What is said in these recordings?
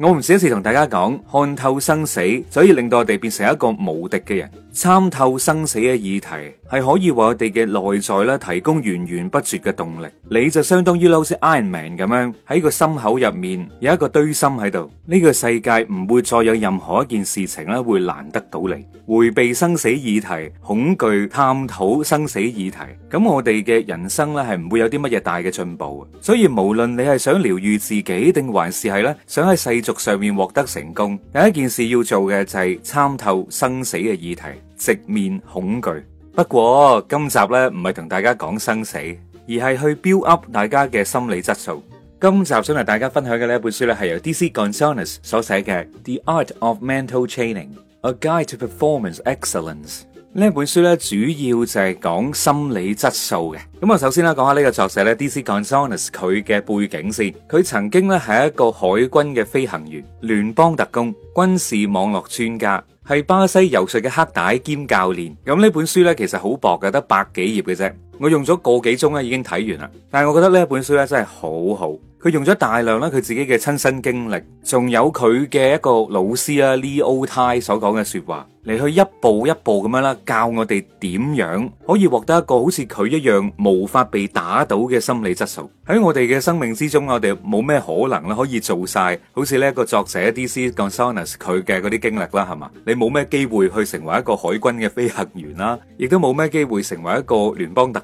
我唔少時同大家講，看透生死，所以令到我哋變成一個無敵嘅人。參透生死嘅議題，係可以為我哋嘅內在咧提供源源不絕嘅動力。你就相當於好似 Iron Man 咁樣，喺個心口入面有一個堆心喺度。呢個世界唔會再有任何一件事情咧會難得到你。回避生死議題，恐懼探討生死議題，咁我哋嘅人生咧係唔會有啲乜嘢大嘅進步。所以無論你係想療愈自己，定還是係咧想喺世俗上面獲得成功，第一件事要做嘅就係參透生死嘅議題。直面恐懼。不過今集咧唔係同大家講生死，而係去標 up 大家嘅心理質素。今集想同大家分享嘅呢一本書咧，係由 D.C. Gonzalez on 所寫嘅《The Art of Mental Training: A Guide to Performance Excellence》呢本書咧主要就係講心理質素嘅。咁、嗯、啊，首先咧講下呢個作者咧 D.C. Gonzalez 佢嘅背景先。佢曾經咧係一個海軍嘅飛行員、聯邦特工、軍事網絡專家。係巴西遊說嘅黑帶兼教練，咁呢本書呢其實好薄嘅，得百幾頁嘅啫。我用咗個幾鐘咧，已經睇完啦。但係我覺得呢一本書咧真係好好，佢用咗大量咧佢自己嘅親身經歷，仲有佢嘅一個老師啊 Leo Tai 所講嘅說話嚟去一步一步咁樣咧教我哋點樣可以獲得一個好似佢一樣無法被打倒嘅心理質素。喺我哋嘅生命之中，我哋冇咩可能咧可以做晒好似呢一個作者 D.C.Gonzales 佢 on 嘅嗰啲經歷啦，係嘛？你冇咩機會去成為一個海軍嘅飛行員啦，亦都冇咩機會成為一個聯邦特。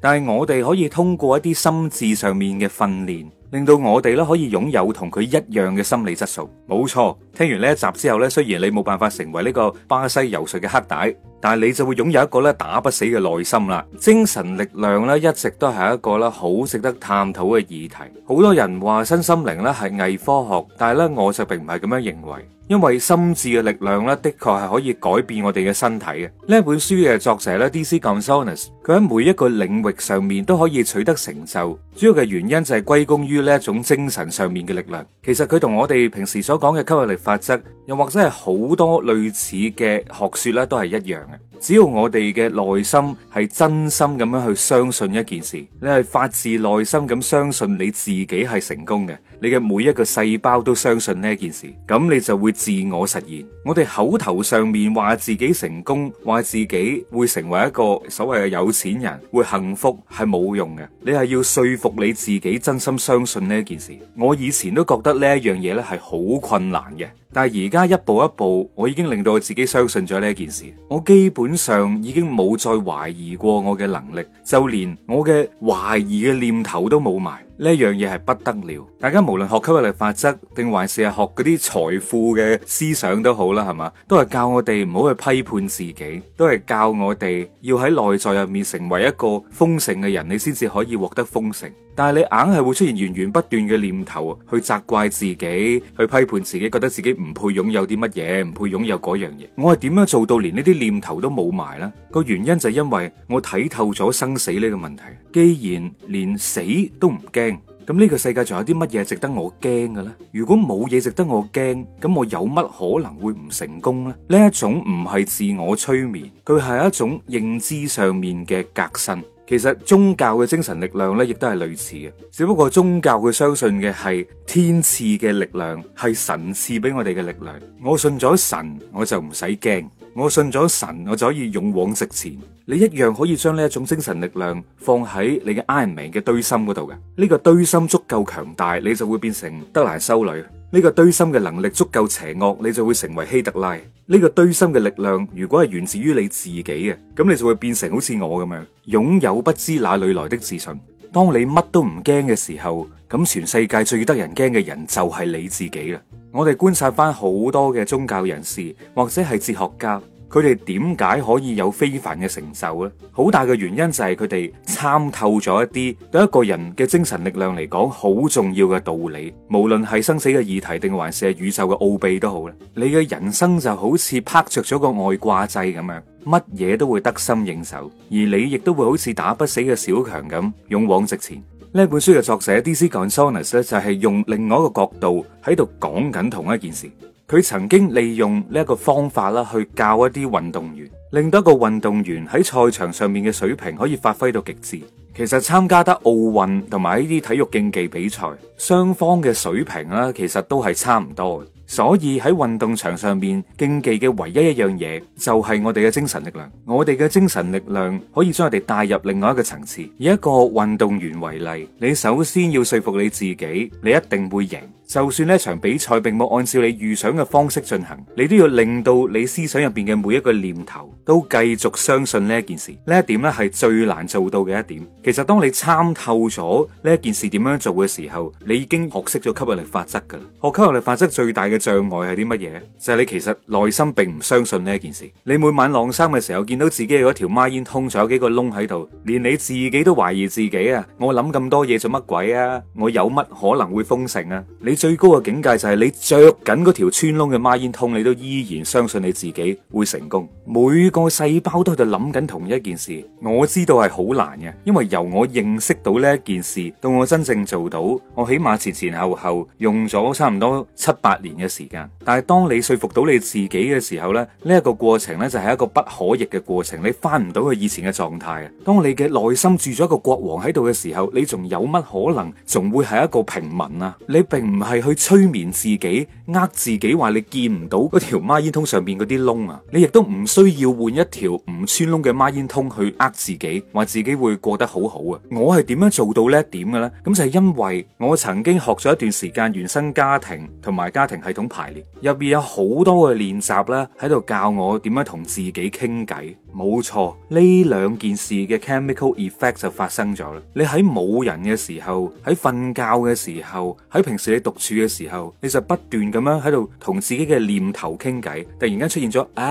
但係我哋可以通過一啲心智上面嘅訓練，令到我哋咧，可以擁有同佢一樣嘅心理質素，冇錯。聽完呢一集之後咧，雖然你冇辦法成為呢個巴西柔術嘅黑帶，但係你就會擁有一個咧，打不死嘅內心啦。精神力量咧，一直都係一個咧，好值得探討嘅議題。好多人話身心靈咧係偽科學，但係咧，我就並唔係咁樣認為，因為心智嘅力量咧的確係可以改變我哋嘅身體嘅。呢一本書嘅作者咧，D.C. Gonzalez，佢喺每一個領域上面都可以取得成就，主要嘅原因就係歸功於。呢一種精神上面嘅力量，其實佢同我哋平時所講嘅吸引力法則，又或者係好多類似嘅學說咧，都係一樣嘅。只要我哋嘅內心係真心咁樣去相信一件事，你係發自內心咁相信你自己係成功嘅，你嘅每一個細胞都相信呢一件事，咁你就會自我實現。我哋口頭上面話自己成功，話自己會成為一個所謂嘅有錢人，會幸福係冇用嘅。你係要說服你自己，真心相信。信呢一件事，我以前都覺得呢一樣嘢咧，係好困難嘅，但係而家一步一步，我已經令到我自己相信咗呢一件事，我基本上已經冇再懷疑過我嘅能力，就連我嘅懷疑嘅念頭都冇埋。呢一樣嘢係不得了，大家無論學吸引力法則定還是係學嗰啲財富嘅思想都好啦，係嘛？都係教我哋唔好去批判自己，都係教我哋要喺內在入面成為一個豐盛嘅人，你先至可以獲得豐盛。但係你硬係會出現源源不斷嘅念頭去責怪自己，去批判自己，覺得自己唔配擁有啲乜嘢，唔配擁有嗰樣嘢。我係點樣做到連呢啲念頭都冇埋呢？個原因就係因為我睇透咗生死呢個問題，既然連死都唔驚，咁呢個世界仲有啲乜嘢值得我驚嘅咧？如果冇嘢值得我驚，咁我有乜可能會唔成功咧？呢一種唔係自我催眠，佢係一種認知上面嘅革新。其實宗教嘅精神力量咧，亦都係類似嘅，只不過宗教佢相信嘅係天賜嘅力量，係神賜俾我哋嘅力量。我信咗神，我就唔使驚。我信咗神，我就可以勇往直前。你一樣可以將呢一種精神力量放喺你嘅 Iron Man 嘅堆心嗰度嘅。呢個堆心足夠強大，你就會變成德蘭修女；呢個堆心嘅能力足夠邪惡，你就會成為希特拉。呢個堆心嘅力量如果係源自於你自己嘅，咁你就會變成好似我咁樣擁有不知哪裏來的自信。當你乜都唔驚嘅時候，咁全世界最得人驚嘅人就係你自己啦。我哋觀察翻好多嘅宗教人士或者係哲學家，佢哋點解可以有非凡嘅成就呢？好大嘅原因就係佢哋參透咗一啲對一個人嘅精神力量嚟講好重要嘅道理，無論係生死嘅議題定還是係宇宙嘅奧秘都好咧。你嘅人生就好似拍着咗個外掛掣咁樣，乜嘢都會得心應手，而你亦都會好似打不死嘅小強咁勇往直前。呢本書嘅作者 DC Gonzalez 咧，就係用另外一個角度喺度講緊同一件事。佢曾經利用呢一個方法啦，去教一啲運動員，令到一個運動員喺賽場上面嘅水平可以發揮到極致。其實參加得奧運同埋呢啲體育競技比賽，雙方嘅水平啦，其實都係差唔多。所以喺運動場上面，競技嘅唯一一樣嘢，就係我哋嘅精神力量。我哋嘅精神力量可以將我哋帶入另外一個層次。以一個運動員為例，你首先要說服你自己，你一定會贏。就算呢一場比賽並冇按照你預想嘅方式進行，你都要令到你思想入邊嘅每一個念頭都繼續相信呢件事。呢一點咧係最難做到嘅一點。其實當你參透咗呢一件事點樣做嘅時候，你已經學識咗吸引力法則噶啦。學吸引力法則最大嘅障礙係啲乜嘢？就係你其實內心並唔相信呢一件事。你每晚晾衫嘅時候見到自己有一條孖煙通，仲有幾個窿喺度，連你自己都懷疑自己啊！我諗咁多嘢做乜鬼啊？我有乜可能會豐盛啊？你最高嘅境界就係你着緊嗰條穿窿嘅孖煙通，你都依然相信你自己會成功。每個細胞都喺度諗緊同一件事。我知道係好難嘅，因為有。由我認識到呢一件事，到我真正做到，我起碼前前後後用咗差唔多七八年嘅時間。但係當你說服到你自己嘅時候咧，呢、呢、一個過程咧就係一個不可逆嘅過程，你翻唔到去以前嘅狀態。當你嘅內心住咗一個國王喺度嘅時候，你仲有乜可能仲會係一個平民啊？你並唔係去催眠自己，呃自己話你見唔到嗰條孖煙通上面嗰啲窿啊，你亦都唔需要換一條唔穿窿嘅孖煙通去呃自己，話自己會過得好。好好啊！我係點樣做到呢一點嘅咧？咁就係因為我曾經學咗一段時間原生家庭同埋家庭系統排列入邊有好多嘅練習啦，喺度教我點樣同自己傾偈。冇錯，呢兩件事嘅 chemical effect 就發生咗啦。你喺冇人嘅時候，喺瞓覺嘅時候，喺平時你獨處嘅時候，你就不斷咁樣喺度同自己嘅念頭傾偈。突然間出現咗，唉、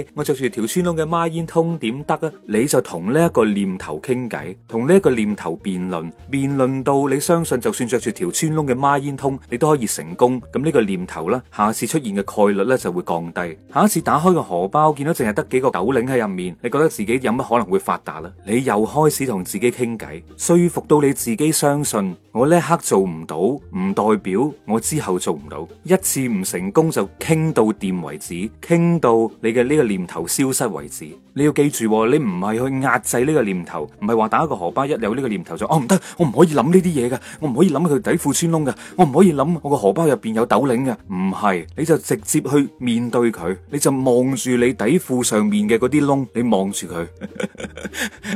哎，我着住條穿窿嘅孖煙通點得啊？你就同呢一個念頭傾偈，同呢一個念頭辯論，辯論到你相信就算着住條穿窿嘅孖煙通，ong，你都可以成功。咁呢個念頭啦，下次出現嘅概率呢就會降低。下一次打開個荷包，見到淨係得幾個斗零喺入。你覺得自己有乜可能會發達呢？你又開始同自己傾偈，說服到你自己相信，我呢一刻做唔到，唔代表我之後做唔到。一次唔成功就傾到掂為止，傾到你嘅呢個念頭消失為止。你要記住，你唔係去壓制呢個念頭，唔係話打個荷包，一有呢個念頭就哦唔得，我唔可以諗呢啲嘢嘅，我唔可以諗佢底褲穿窿嘅，我唔可以諗我個荷包入邊有豆領嘅。唔係你就直接去面對佢，你就望住你底褲上面嘅嗰啲窿，你望住佢，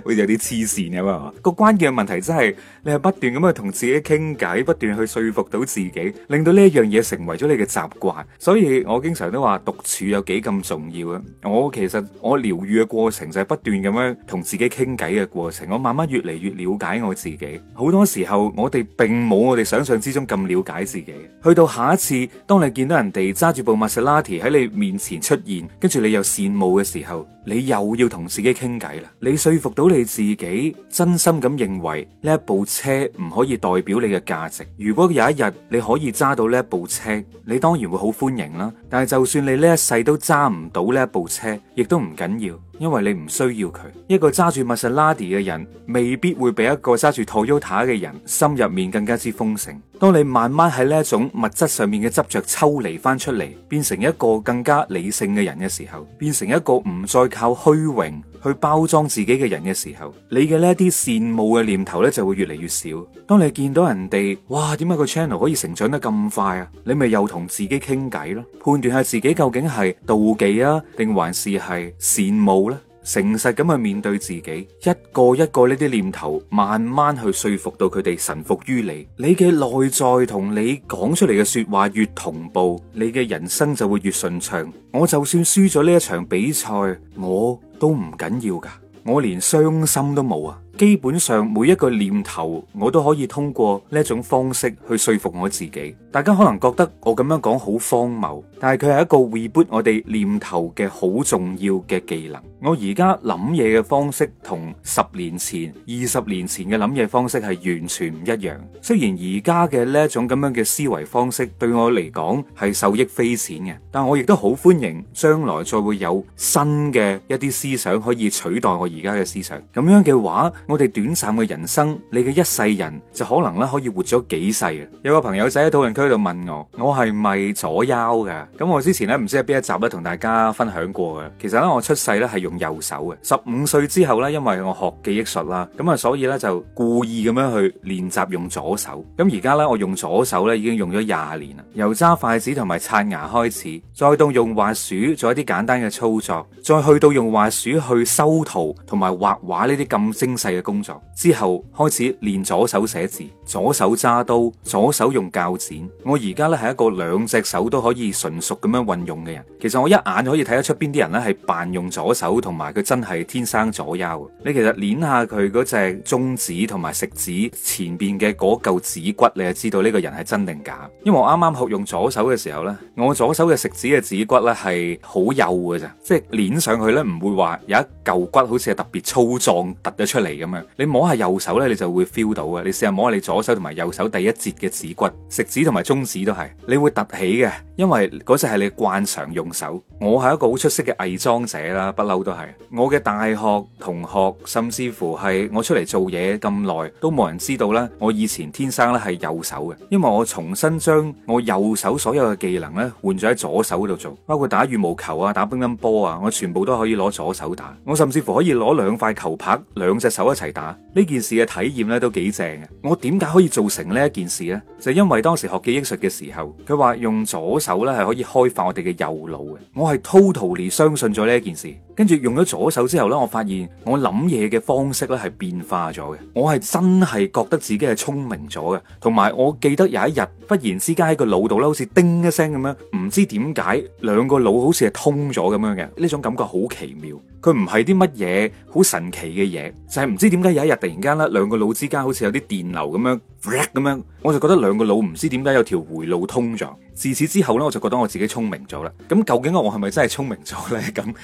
會有啲黐線噶嘛？個關鍵嘅問題真係你係不斷咁去同自己傾偈，不斷去說服到自己，令到呢一樣嘢成為咗你嘅習慣。所以我經常都話獨處有幾咁重要啊！我其實我療癒嘅。過程就係、是、不斷咁樣同自己傾偈嘅過程，我慢慢越嚟越了解我自己。好多時候我哋並冇我哋想象之中咁了解自己。去到下一次，當你見到人哋揸住部瑪莎拉蒂喺你面前出現，跟住你又羨慕嘅時候。你又要同自己傾偈啦！你説服到你自己，真心咁認為呢一部車唔可以代表你嘅價值。如果有一日你可以揸到呢一部車，你當然會好歡迎啦。但係就算你呢一世都揸唔到呢一部車，亦都唔緊要，因為你唔需要佢。一個揸住瑪莎拉蒂嘅人，未必會比一個揸住 Toyota 嘅人心入面更加之豐盛。當你慢慢喺呢一種物質上面嘅執着抽離翻出嚟，變成一個更加理性嘅人嘅時候，變成一個唔再靠虛榮去包裝自己嘅人嘅時候，你嘅呢啲羨慕嘅念頭呢就會越嚟越少。當你見到人哋哇，點解個 channel 可以成長得咁快啊？你咪又同自己傾偈咯，判斷下自己究竟係妒忌啊，定還是係羨慕呢，啊？」誠實咁去面對自己，一個一個呢啲念頭，慢慢去說服到佢哋臣服於你。你嘅內在同你講出嚟嘅說話越同步，你嘅人生就會越順暢。我就算輸咗呢一場比賽，我都唔緊要㗎，我連傷心都冇啊。基本上每一個念頭，我都可以通過呢一種方式去說服我自己。大家可能覺得我咁樣講好荒謬，但係佢係一個 reboot 我哋念頭嘅好重要嘅技能。我而家諗嘢嘅方式同十年前、二十年前嘅諗嘢方式係完全唔一樣。雖然而家嘅呢一種咁樣嘅思維方式對我嚟講係受益匪淺嘅，但我亦都好歡迎將來再會有新嘅一啲思想可以取代我而家嘅思想。咁樣嘅話，我哋短暫嘅人生，你嘅一世人就可能咧可以活咗幾世啊！有個朋友仔喺討論區度問我：我係咪左拗㗎？咁我之前咧唔知喺邊一集咧同大家分享過嘅。其實咧我出世咧係用。右手嘅。十五歲之後咧，因為我學記憶術啦，咁啊，所以咧就故意咁樣去練習用左手。咁而家咧，我用左手咧已經用咗廿年啦，由揸筷子同埋刷牙開始，再到用滑鼠，做一啲簡單嘅操作，再去到用滑鼠去修圖同埋畫畫呢啲咁精細嘅工作之後，開始練左手寫字，左手揸刀，左手用鉸剪。我而家咧係一個兩隻手都可以純熟咁樣運用嘅人。其實我一眼可以睇得出邊啲人咧係扮用左手。同埋佢真係天生左右，你其實捻下佢嗰隻中指同埋食指前邊嘅嗰嚿指骨，你就知道呢個人係真定假。因為我啱啱學用左手嘅時候呢，我左手嘅食指嘅指骨呢係好幼嘅咋，即係捻上去呢，唔會話有一嚿骨好似係特別粗壯突咗出嚟咁樣。你摸下右手呢，你就會 feel 到啊！你試下摸下你左手同埋右手第一節嘅指骨，食指同埋中指都係你會突起嘅，因為嗰隻係你嘅慣常用手。我係一個好出色嘅偽裝者啦，不嬲。都係我嘅大學同學，甚至乎係我出嚟做嘢咁耐，都冇人知道咧。我以前天生咧，係右手嘅，因為我重新將我右手所有嘅技能咧換咗喺左手度做，包括打羽毛球啊、打乒乓波啊，我全部都可以攞左手打。我甚至乎可以攞兩塊球拍，兩隻手一齊打。呢件事嘅體驗咧都幾正嘅。我點解可以做成呢一件事呢？就因為當時學記憶術嘅時候，佢話用左手咧係可以開發我哋嘅右腦嘅。我係 totally 相信咗呢一件事。跟住用咗左手之後呢，我發現我諗嘢嘅方式呢係變化咗嘅。我係真係覺得自己係聰明咗嘅，同埋我記得有一日，忽然之間喺個腦度呢好似叮一聲咁樣，唔知點解兩個腦好似係通咗咁樣嘅。呢種感覺，好奇妙。佢唔係啲乜嘢好神奇嘅嘢，就係唔知點解有一日突然間咧，兩個腦之間好似有啲電流咁樣咁樣，我就覺得兩個腦唔知點解有條回路通咗。自此之後呢，我就覺得我自己聰明咗啦。咁究竟我係咪真係聰明咗呢？咁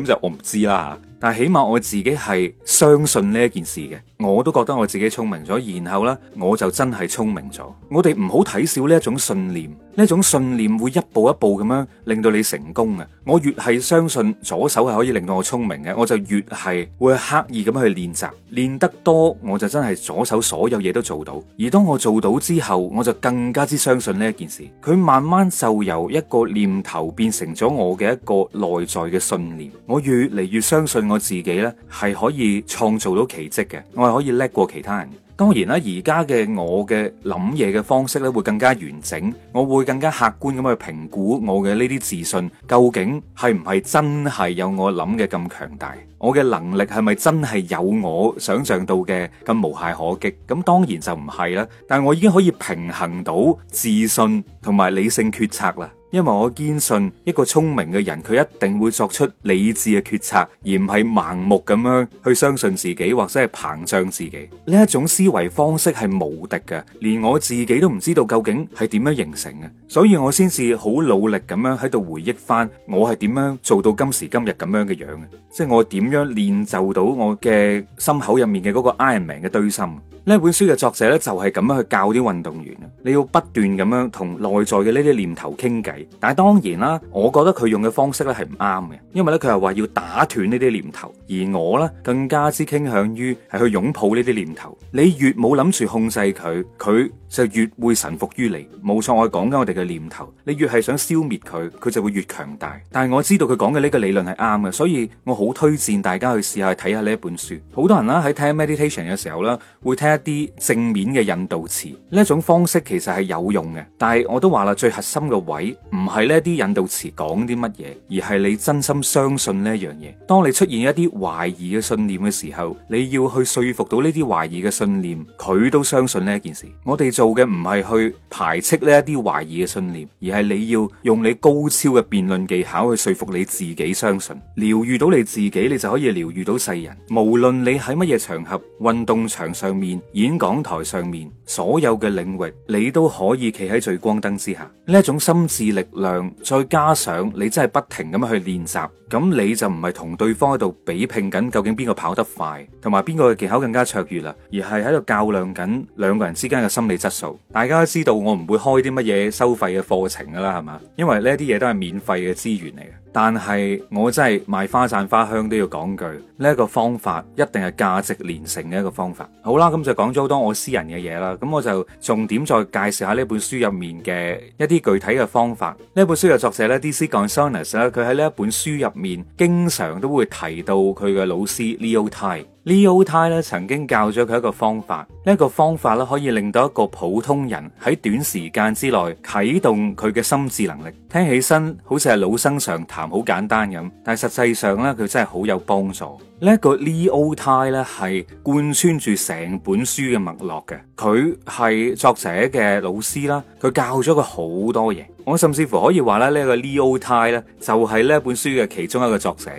咁就我唔知啦。但起碼我自己係相信呢一件事嘅，我都覺得我自己聰明咗，然後咧我就真係聰明咗。我哋唔好睇少呢一種信念，呢種信念會一步一步咁樣令到你成功嘅。我越係相信左手係可以令到我聰明嘅，我就越係會刻意咁樣去練習，練得多我就真係左手所有嘢都做到。而當我做到之後，我就更加之相信呢一件事。佢慢慢就由一個念頭變成咗我嘅一個內在嘅信念，我越嚟越相信。我自己呢，係可以創造到奇蹟嘅，我係可以叻過其他人。當然啦，而家嘅我嘅諗嘢嘅方式呢，會更加完整，我會更加客觀咁去評估我嘅呢啲自信究竟係唔係真係有我諗嘅咁強大，我嘅能力係咪真係有我想象到嘅咁無懈可擊？咁當然就唔係啦，但我已經可以平衡到自信同埋理性決策啦。因為我堅信一個聰明嘅人，佢一定會作出理智嘅決策，而唔係盲目咁樣去相信自己或者係膨脹自己。呢一種思維方式係無敵嘅，連我自己都唔知道究竟係點樣形成嘅。所以我先至好努力咁樣喺度回憶翻我係點樣做到今時今日咁樣嘅樣嘅，即係我點樣練就到我嘅心口入面嘅嗰個 Iron Man 嘅堆心。呢本書嘅作者呢，就係咁樣去教啲運動員，你要不斷咁樣同內在嘅呢啲念頭傾偈。但係當然啦，我覺得佢用嘅方式咧，係唔啱嘅，因為咧佢係話要打斷呢啲念頭，而我咧更加之傾向於係去擁抱呢啲念頭。你越冇諗住控制佢，佢就越會臣服於你。冇錯，我講緊我哋嘅念頭，你越係想消滅佢，佢就會越強大。但係我知道佢講嘅呢個理論係啱嘅，所以我好推薦大家去試下，去睇下呢一本書。好多人啦，喺聽 meditation 嘅時候啦，會聽一啲正面嘅引導詞，呢一種方式其實係有用嘅。但係我都話啦，最核心嘅位。唔係呢啲引導詞講啲乜嘢，而係你真心相信呢一樣嘢。當你出現一啲懷疑嘅信念嘅時候，你要去說服到呢啲懷疑嘅信念，佢都相信呢件事。我哋做嘅唔係去排斥呢一啲懷疑嘅信念，而係你要用你高超嘅辯論技巧去說服你自己相信。療癒到你自己，你就可以療癒到世人。無論你喺乜嘢場合、運動場上面、演講台上面，所有嘅領域，你都可以企喺聚光燈之下。呢一種心智，力量再加上你真係不停咁去練習，咁你就唔係同對方喺度比拼緊究竟邊個跑得快，同埋邊個嘅技巧更加卓越啦，而係喺度較量緊兩個人之間嘅心理質素。大家都知道我唔會開啲乜嘢收費嘅課程噶啦，係嘛？因為呢啲嘢都係免費嘅資源嚟嘅。但係我真係賣花讚花香，都要講句，呢一個方法一定係價值連城嘅一個方法。好啦，咁就講咗好多我私人嘅嘢啦。咁我就重點再介紹下呢本書入面嘅一啲具體嘅方法。呢本書嘅作者咧，D.C. Gonzalez 咧，佢喺呢一本書入面經常都會提到佢嘅老師 Leo Tai。Leo Tai 咧，曾經教咗佢一個方法。呢、這、一個方法咧，可以令到一個普通人喺短時間之內啟動佢嘅心智能力。聽起身好似係老生常談，好簡單咁。但係實際上咧，佢真係好有幫助。這個、呢一個 Leo Tai 咧，係貫穿住成本書嘅脈絡嘅。佢係作者嘅老師啦，佢教咗佢好多嘢。我甚至乎可以話咧，這個、呢一個 Leo Tai 咧，就係、是、呢本書嘅其中一個作者。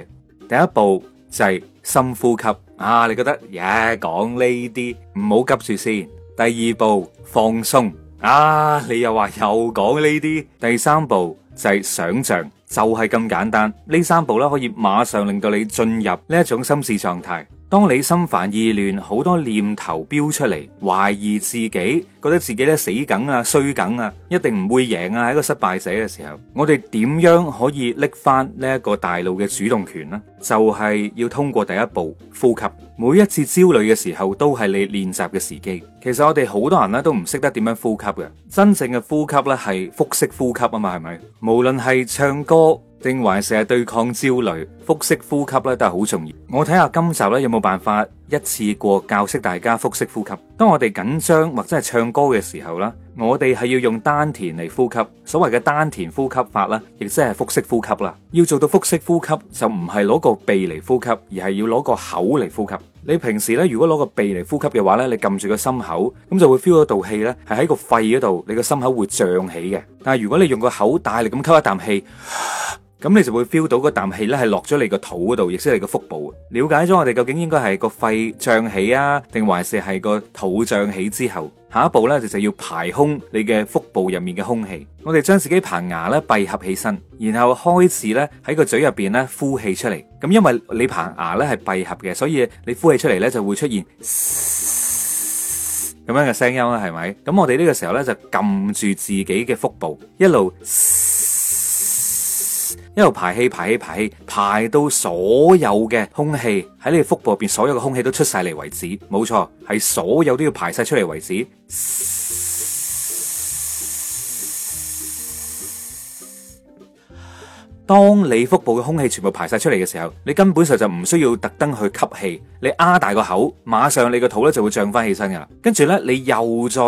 第一步就係、是、深呼吸。啊！你覺得耶講呢啲唔好急住先。第二步放鬆。啊，你又話又講呢啲。第三步就係想象，就係咁簡單。呢三步啦，可以馬上令到你進入呢一種心事狀態。當你心煩意亂，好多念頭飆出嚟，懷疑自己，覺得自己咧死梗啊、衰梗啊，一定唔會贏啊，係一個失敗者嘅時候，我哋點樣可以拎返呢一個大腦嘅主動權咧？就係要通過第一步呼吸。每一次焦慮嘅時候，都係你練習嘅時機。其實我哋好多人咧都唔識得點樣呼吸嘅，真正嘅呼吸咧係腹式呼吸啊嘛，係咪？無論係唱歌，定還是係對抗焦慮，腹式呼吸咧都係好重要。我睇下今集咧有冇辦法一次過教識大家腹式呼吸。當我哋緊張或者係唱歌嘅時候啦，我哋係要用丹田嚟呼吸。所謂嘅丹田呼吸法啦，亦即係腹式呼吸啦。要做到腹式呼吸，就唔係攞個鼻嚟呼吸，而係要攞個口嚟呼吸。你平時咧如果攞個鼻嚟呼吸嘅話咧，你撳住個心口，咁就會 feel 到道氣咧係喺個肺嗰度，你個心口會脹起嘅。但係如果你用個口大力咁吸一啖氣。咁你就會 feel 到個啖氣咧，係落咗你個肚嗰度，亦即係你個腹部。了解咗我哋究竟應該係個肺脹起啊，定還是係個肚脹起之後，下一步咧就就要排空你嘅腹部入面嘅空氣。我哋將自己棚牙咧閉合起身，然後開始咧喺個嘴入邊咧呼氣出嚟。咁因為你棚牙咧係閉合嘅，所以你呼氣出嚟咧就會出現咁樣嘅聲音啦，係咪？咁我哋呢個時候咧就撳住自己嘅腹部，一路。一路排氣，排氣，排氣，排到所有嘅空氣喺你腹部入邊，所有嘅空氣都出晒嚟為止。冇錯，係所有都要排晒出嚟為止。當你腹部嘅空氣全部排晒出嚟嘅時候，你根本上就唔需要特登去吸氣。你擘大個口，馬上你個肚咧就會漲翻起身噶啦。跟住呢，你又再。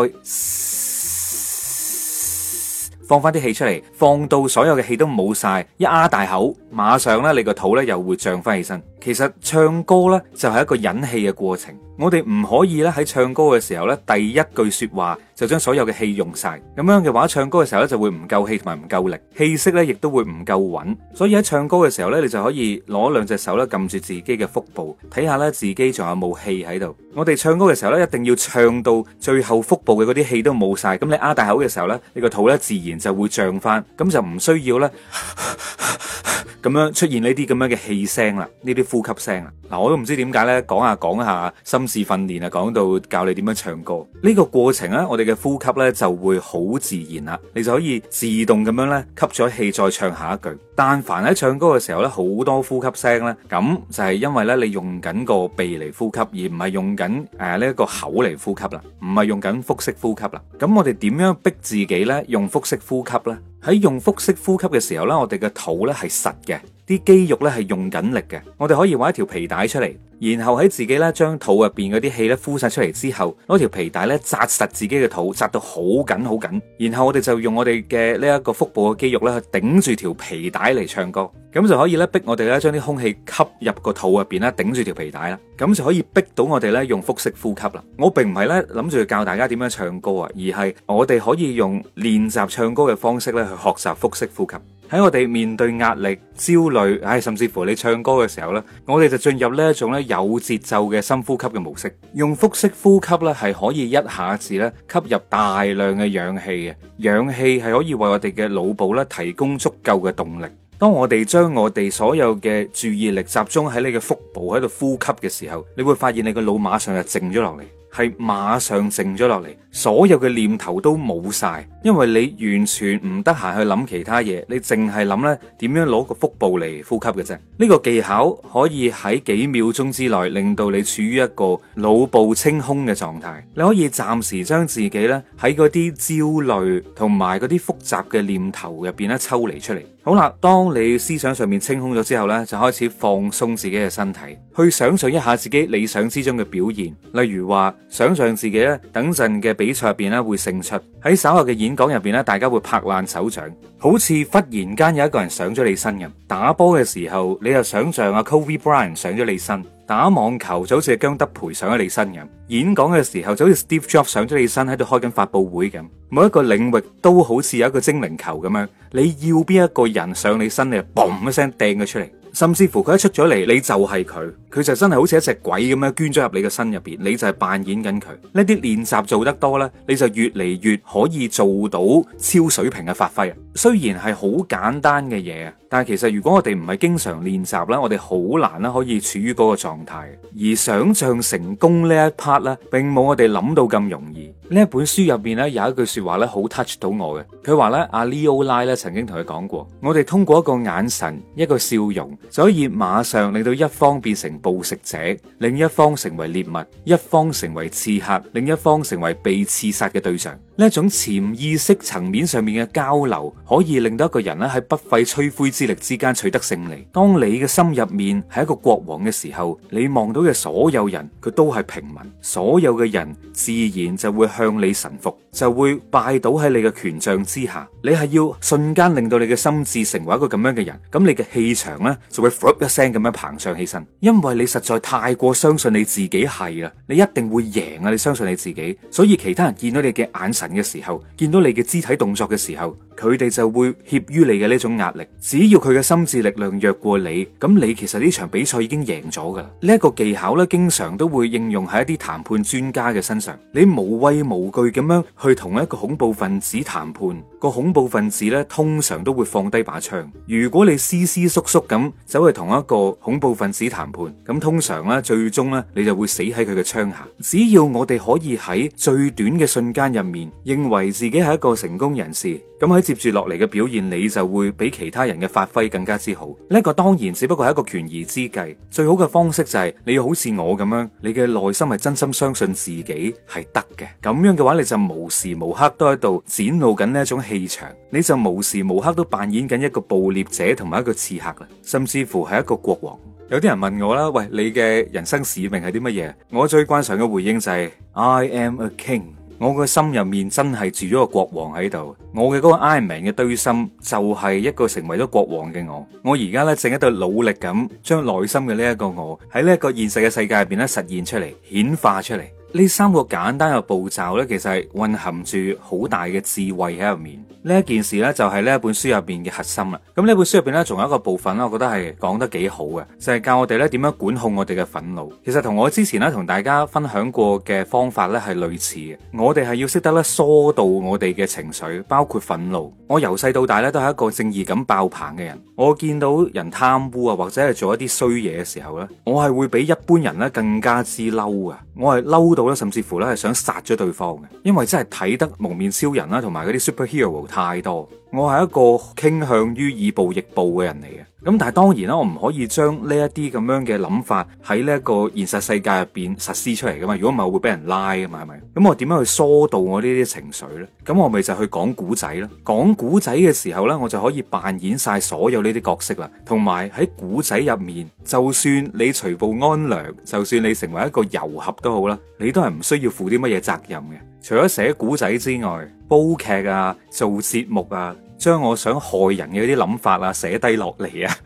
放翻啲氣出嚟，放到所有嘅氣都冇晒，一啊大口，馬上咧你個肚咧又會脹翻起身。其實唱歌咧就係一個忍氣嘅過程，我哋唔可以咧喺唱歌嘅時候咧第一句説話。就將所有嘅氣用晒，咁樣嘅話，唱歌嘅時候呢就會唔夠氣同埋唔夠力，氣息呢亦都會唔夠穩。所以喺唱歌嘅時候呢，你就可以攞兩隻手呢撳住自己嘅腹部，睇下呢自己仲有冇氣喺度。我哋唱歌嘅時候呢，一定要唱到最後腹部嘅嗰啲氣都冇晒。咁你啊大口嘅時候呢，你個肚呢自然就會脹返，咁就唔需要呢咁、啊啊啊啊、樣出現呢啲咁樣嘅氣聲啦，呢啲呼吸聲啦。嗱，我都唔知點解呢。講下講下，心理訓練啊，講到教你點樣唱歌呢、呢個過程呢，我哋嘅。呼吸咧，就會好自然啦，你就可以自動咁樣咧吸咗氣，再唱下一句。但凡喺唱歌嘅時候咧，好多呼吸聲咧，咁就係因為咧你用緊個鼻嚟,呼吸，而唔係用緊誒呢一個口嚟呼吸啦，唔係用緊腹式呼吸啦。咁我哋點樣逼自己咧用腹式呼吸咧？喺用腹式呼吸嘅時候咧，我哋嘅肚咧係實嘅。啲肌肉咧係用緊力嘅，我哋可以搵一條皮帶出嚟，然後喺自己咧將肚入邊嗰啲氣咧呼晒出嚟之後，攞條皮帶咧紮實自己嘅肚，扎到好緊好緊，然後我哋就用我哋嘅呢一個腹部嘅肌肉咧去頂住條皮帶嚟唱歌，咁就可以咧逼我哋咧將啲空氣吸入個肚入邊啦，頂住條皮帶啦，咁就，就可以逼到我哋咧用腹式呼吸啦。我並唔係咧諗住教大家點樣唱歌啊，而係我哋可以用練習唱歌嘅方式咧去學習腹式呼吸。喺我哋面對壓力、焦慮，唉、哎，甚至乎你唱歌嘅時候呢，我哋就進入呢一種咧有節奏嘅深呼吸嘅模式。用腹式呼吸呢係可以一下子咧吸入大量嘅氧氣嘅，氧氣係可以為我哋嘅腦部咧提供足夠嘅動力。當我哋將我哋所有嘅注意力集中喺你嘅腹部喺度呼吸嘅時候，你會發現你個腦馬上就靜咗落嚟，係馬上靜咗落嚟。所有嘅念頭都冇晒，因為你完全唔得閒去諗其他嘢，你淨係諗咧點樣攞個腹部嚟呼吸嘅啫。呢個技巧可以喺幾秒鐘之內令到你處於一個腦部清空嘅狀態，你可以暫時將自己咧喺嗰啲焦慮同埋嗰啲複雜嘅念頭入邊咧抽離出嚟。好啦，當你思想上面清空咗之後咧，就開始放鬆自己嘅身體，去想象一下自己理想之中嘅表現，例如話想象自己咧等陣嘅。比賽入邊咧會勝出，喺稍後嘅演講入邊咧，大家會拍爛手掌，好似忽然間有一個人上咗你身咁。打波嘅時候，你又想象阿 Kobe Bryant 上咗你身；打網球就好似姜德培上咗你身咁。演講嘅時候就好似 Steve Jobs 上咗你身，喺度開緊發布會咁。每一個領域都好似有一個精靈球咁樣，你要邊一個人上你身，你就嘣一聲掟佢出嚟。甚至乎佢一出咗嚟，你就係佢，佢就真係好似一隻鬼咁樣捐咗入你嘅身入邊，你就係扮演緊佢。呢啲練習做得多呢，你就越嚟越可以做到超水平嘅發揮。雖然係好簡單嘅嘢，但係其實如果我哋唔係經常練習呢，我哋好難啦可以處於嗰個狀態。而想像成功呢一 part 呢，並冇我哋諗到咁容易。呢一本書入邊呢，有一句説話呢，好 touch 到我嘅，佢話呢，阿 Leo 拉呢曾經同佢講過，我哋通過一個眼神、一個笑容，所以馬上令到一方變成暴食者，另一方成為獵物，一方成為刺客，另一方成為被刺殺嘅對象。呢一種潛意識層面上面嘅交流，可以令到一個人咧喺不費吹灰之力之間取得勝利。當你嘅心入面係一個國王嘅時候，你望到嘅所有人佢都係平民，所有嘅人自然就會向你臣服，就會拜倒喺你嘅權杖之下。你係要瞬間令到你嘅心智成為一個咁樣嘅人，咁你嘅氣場呢，就會 f 一聲咁樣膨脹起身，因為你實在太過相信你自己係啦，你一定會贏啊！你相信你自己，所以其他人見到你嘅眼神嘅時候，見到你嘅肢體動作嘅時候。佢哋就會怯於你嘅呢種壓力，只要佢嘅心智力量弱過你，咁你其實呢場比賽已經贏咗噶啦。呢、這、一個技巧咧，經常都會應用喺一啲談判專家嘅身上。你無畏無懼咁樣去同一個恐怖分子談判，個恐怖分子咧通常都會放低把槍。如果你思思縮縮咁走去同一個恐怖分子談判，咁通常咧最終咧你就會死喺佢嘅槍下。只要我哋可以喺最短嘅瞬間入面，認為自己係一個成功人士，咁喺。接住落嚟嘅表現，你就會比其他人嘅發揮更加之好。呢一個當然只不過係一個權宜之計，最好嘅方式就係你要好似我咁樣，你嘅內心係真心相信自己係得嘅。咁樣嘅話，你就無時無刻都喺度展露緊呢一種氣場，你就無時無刻都扮演緊一個捕獵者同埋一個刺客啦，甚至乎係一個國王。有啲人問我啦，喂，你嘅人生使命係啲乜嘢？我最慣常嘅回應就係 I am a king。我個心入面真係住咗個國王喺度，我嘅嗰個 I am 嘅堆心就係一個成為咗國王嘅我。我而家呢，正喺度努力咁將內心嘅呢一個我喺呢一個現實嘅世界入邊咧實現出嚟，顯化出嚟。呢三個簡單嘅步驟呢，其實係蘊含住好大嘅智慧喺入面。呢一件事呢，就係呢一本書入邊嘅核心啦。咁呢本書入邊呢，仲有一個部分咧，我覺得係講得幾好嘅，就係教我哋咧點樣管控我哋嘅憤怒。其實同我之前咧同大家分享過嘅方法呢係類似嘅。我哋係要識得咧疏導我哋嘅情緒，包括憤怒。我由細到大呢，都係一個正義感爆棚嘅人。我見到人貪污啊或者係做一啲衰嘢嘅時候呢，我係會比一般人咧更加之嬲啊！我係嬲到呢，甚至乎呢係想殺咗對方嘅，因為真係睇得蒙面超人啦同埋嗰啲 superhero。太多，我係一個傾向於以暴易暴嘅人嚟嘅。咁但係當然啦，我唔可以將呢一啲咁樣嘅諗法喺呢一個現實世界入邊實施出嚟噶嘛，如果唔係，我會俾人拉噶嘛，係咪？咁我點樣去疏導我呢啲情緒呢？咁我咪就去講古仔咯。講古仔嘅時候呢，我就可以扮演晒所有呢啲角色啦。同埋喺古仔入面，就算你除暴安良，就算你成為一個遊俠都好啦，你都係唔需要負啲乜嘢責任嘅。除咗寫古仔之外，煲劇啊，做節目啊。將我想害人嘅啲諗法啊寫低落嚟，啊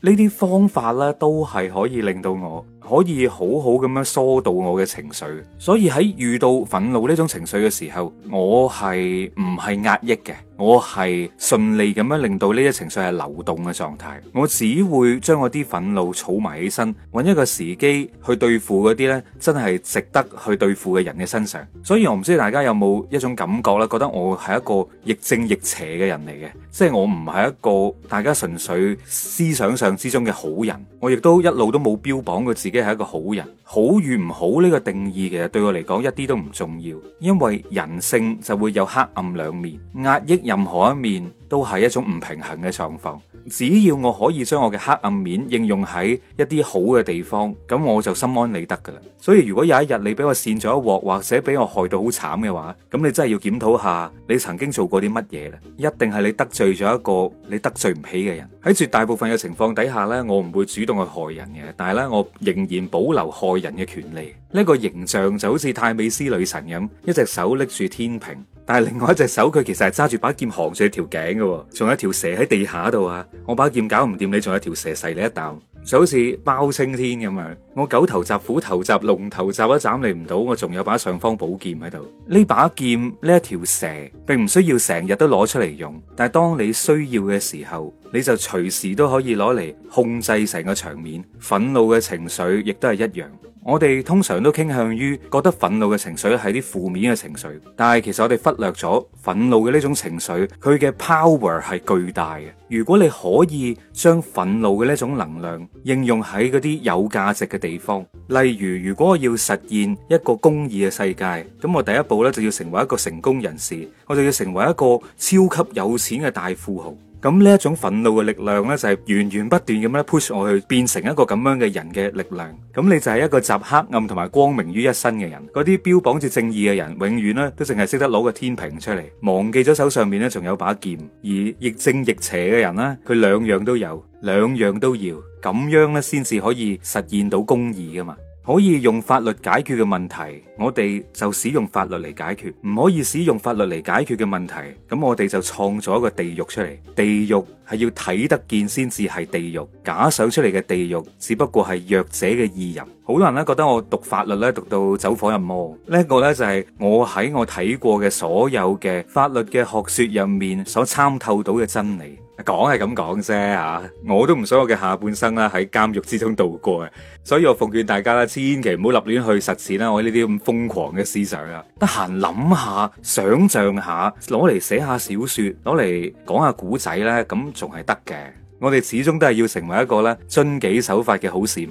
呢啲方法咧，都係可以令到我。可以好好咁樣疏導我嘅情緒，所以喺遇到憤怒呢種情緒嘅時候，我係唔係壓抑嘅，我係順利咁樣令到呢啲情緒係流動嘅狀態。我只會將我啲憤怒儲埋起身，揾一個時機去對付嗰啲咧真係值得去對付嘅人嘅身上。所以我唔知大家有冇一種感覺咧，覺得我係一個亦正亦邪嘅人嚟嘅，即係我唔係一個大家純粹思想上之中嘅好人，我亦都一路都冇標榜過自。己係一個好人，好與唔好呢個定義，其實對我嚟講一啲都唔重要，因為人性就會有黑暗兩面，壓抑任何一面。都係一種唔平衡嘅狀況。只要我可以將我嘅黑暗面應用喺一啲好嘅地方，咁我就心安理得噶啦。所以如果有一日你俾我扇咗一鑊，或者俾我害到好慘嘅話，咁你真係要檢討下你曾經做過啲乜嘢啦。一定係你得罪咗一個你得罪唔起嘅人。喺絕大部分嘅情況底下呢，我唔會主動去害人嘅，但係咧，我仍然保留害人嘅權利。呢個形象就好似泰美斯女神咁，一隻手拎住天平。但係另外一隻手佢其實係揸住把劍行住條頸嘅，仲有條蛇喺地下度啊！我把劍搞唔掂你，仲有條蛇噬你一啖。就好似包青天咁樣，我狗頭鍘、虎頭鍘、龍頭鍘都斬你唔到，我仲有把上方寶劍喺度。呢把劍呢，一條蛇，並唔需要成日都攞出嚟用，但係當你需要嘅時候，你就隨時都可以攞嚟控制成個場面。憤怒嘅情緒亦都係一樣。我哋通常都傾向於覺得憤怒嘅情緒係啲負面嘅情緒，但係其實我哋忽略咗憤怒嘅呢種情緒，佢嘅 power 係巨大嘅。如果你可以將憤怒嘅呢種能量，應用喺嗰啲有價值嘅地方，例如，如果我要實現一個公義嘅世界，咁我第一步咧，就要成為一個成功人士，我就要成為一個超級有錢嘅大富豪。咁呢一種憤怒嘅力量呢，就係源源不斷咁樣 push 我去變成一個咁樣嘅人嘅力量。咁你就係一個集黑暗同埋光明於一身嘅人。嗰啲標榜住正義嘅人，永遠呢都淨係識得攞個天平出嚟，忘記咗手上面呢仲有把劍。而亦正亦邪嘅人呢，佢兩樣都有，兩樣都要。咁樣咧，先至可以實現到公義噶嘛？可以用法律解決嘅問題，我哋就使用法律嚟解決；唔可以使用法律嚟解決嘅問題，咁我哋就創造一個地獄出嚟。地獄係要睇得見先至係地獄，假想出嚟嘅地獄只不過係弱者嘅意淫。好多人咧覺得我讀法律咧讀到走火入魔，呢一個咧就係我喺我睇過嘅所有嘅法律嘅學說入面所參透到嘅真理。講係咁講啫，吓，我都唔想我嘅下半生啦喺監獄之中度過嘅，所以我奉勸大家啦，千祈唔好立亂去實踐啦，我呢啲咁瘋狂嘅思想啊，得閒諗下，想象下，攞嚟寫下小說，攞嚟講下古仔呢，咁仲係得嘅。我哋始終都係要成為一個咧遵紀守法嘅好市民，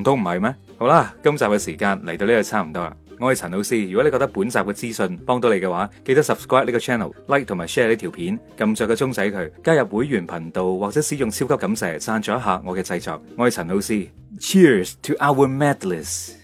唔通唔係咩？好啦，今集嘅時間嚟到呢度差唔多啦。我係陳老 C，如果你覺得本集嘅資訊幫到你嘅話，記得 subscribe 呢個 channel，like 同埋 share 呢條片，撳着個鐘仔佢，加入會員頻道或者使用超級感謝，贊助一下我嘅製作。我係陳老 C，Cheers to our medalists!